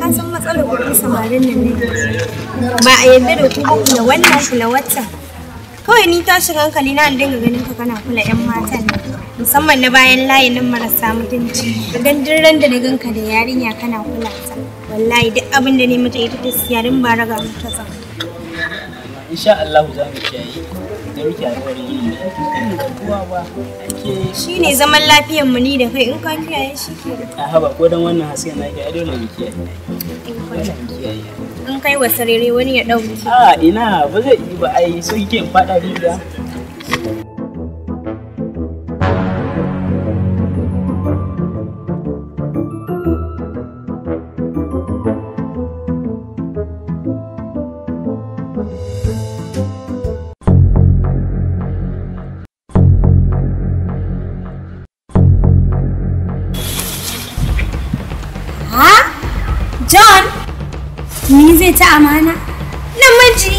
ka san matsalar kuɗin samarin nan ne ba a yarda da ku da wannan shi na wata kawai ni tashin hankali na dinga ganin ka kana kula yan matan musamman na bayan layin nan marasa mutunci dan dirran da na ganka da yarinya kana kula ta wallahi duk abin da ne mata ita ta siya din ba raga mata sa insha Allah za mu kiyaye da shi ne zaman lafiyar mu ni da kai in ka kiyaye shi ke a haba ko dan wannan hasken na kiyaye dole mu kiyaye in kai wa sarere wani ya dauke a ina ba zai yi ba ai so yake in fada rijiya thank you Ha? John? Ni zai ci amana? Namiji!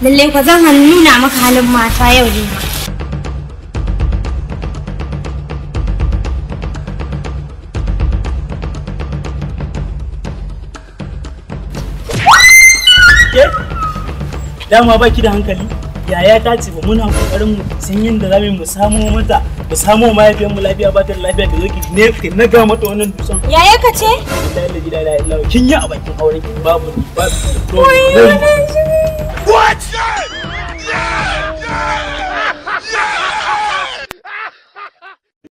Lallai kwa zan nuna maka halin mata yau ne ma. Dama baki da hankali? yaya ta ce ba muna kokarin mu san yadda zamu mu samu mata mu samo mahaifiyar mu lafiya ba ta lafiya da zoki ne ke na ga mata wannan dusan yaya ka ce da ila kin yi a bakin auren kin babu babu